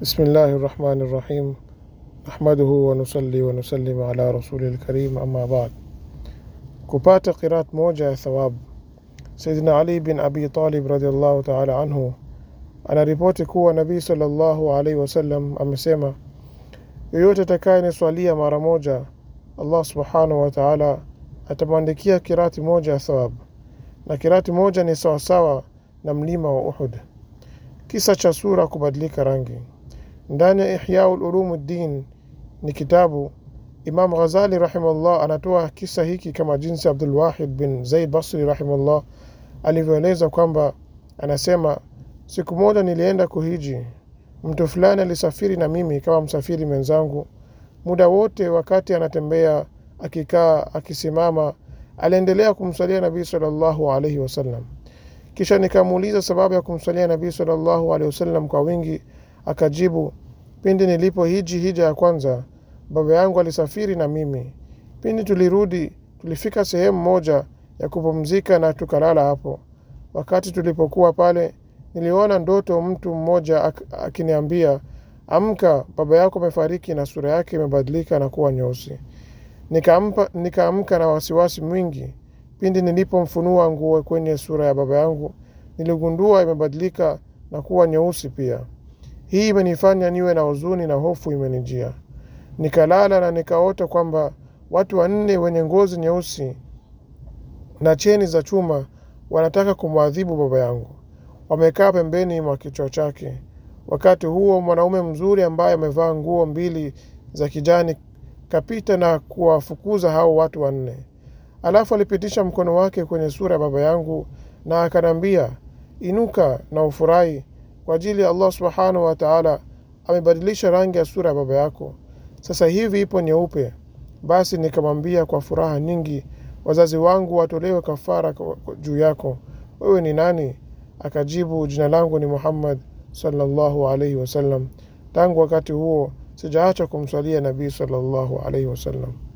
بسم الله الرحمن الرحيم أحمده ونصلي ونسلم على رسول الكريم أما بعد كبات قراءة موجة ثواب سيدنا علي بن أبي طالب رضي الله تعالى عنه أنا ريبوتي كوى نبي صلى الله عليه وسلم أم سيما يوتي تكاين سوالية مرة موجة الله سبحانه وتعالى أتمنكيا قراءة موجة ثواب na kirati moja ni sawasawa na mlima wa uhud kisa cha Ndani ya Ihya Ulumuddin ni kitabu Imam Ghazali rahimahullah anatoa kisa hiki kama jinsi Abdul Wahid bin Zaid Basri rahimahullah alivyoeleza kwamba anasema siku moja nilienda kuhiji, mtu fulani alisafiri na mimi kama msafiri mwenzangu. Muda wote wakati anatembea, akikaa, akisimama, aliendelea kumsalia Nabii sallallahu alaihi wasallam. Kisha nikamuuliza sababu ya kumsalia Nabii sallallahu alaihi wasallam kwa wingi Akajibu, pindi nilipo hiji hija ya kwanza, baba yangu alisafiri na mimi. Pindi tulirudi, tulifika sehemu moja ya kupumzika na tukalala hapo. Wakati tulipokuwa pale, niliona ndoto, mtu mmoja akiniambia, amka, baba yako amefariki na sura yake imebadilika na kuwa nyeusi. Nikaamka nika na wasiwasi mwingi. Pindi nilipomfunua nguo kwenye sura ya baba yangu, niligundua imebadilika na kuwa nyeusi pia. Hii imenifanya niwe na huzuni na hofu imenijia, nikalala na nikaota kwamba watu wanne wenye ngozi nyeusi na cheni za chuma wanataka kumwadhibu baba yangu. Wamekaa pembeni mwa kichwa chake. Wakati huo mwanaume mzuri ambaye amevaa nguo mbili za kijani kapita na kuwafukuza hao watu wanne. Alafu alipitisha mkono wake kwenye sura ya baba yangu na akanambia, inuka na ufurahi kwa ajili ya Allah subhanahu wa taala amebadilisha rangi ya sura ya baba yako, sasa hivi ipo nyeupe. Basi nikamwambia kwa furaha nyingi, wazazi wangu watolewe kafara juu yako, wewe ni nani? Akajibu, jina langu ni Muhammad sallallahu alaihi wasallam. Tangu wakati huo sijaacha kumswalia Nabii sallallahu alaihi wasallam.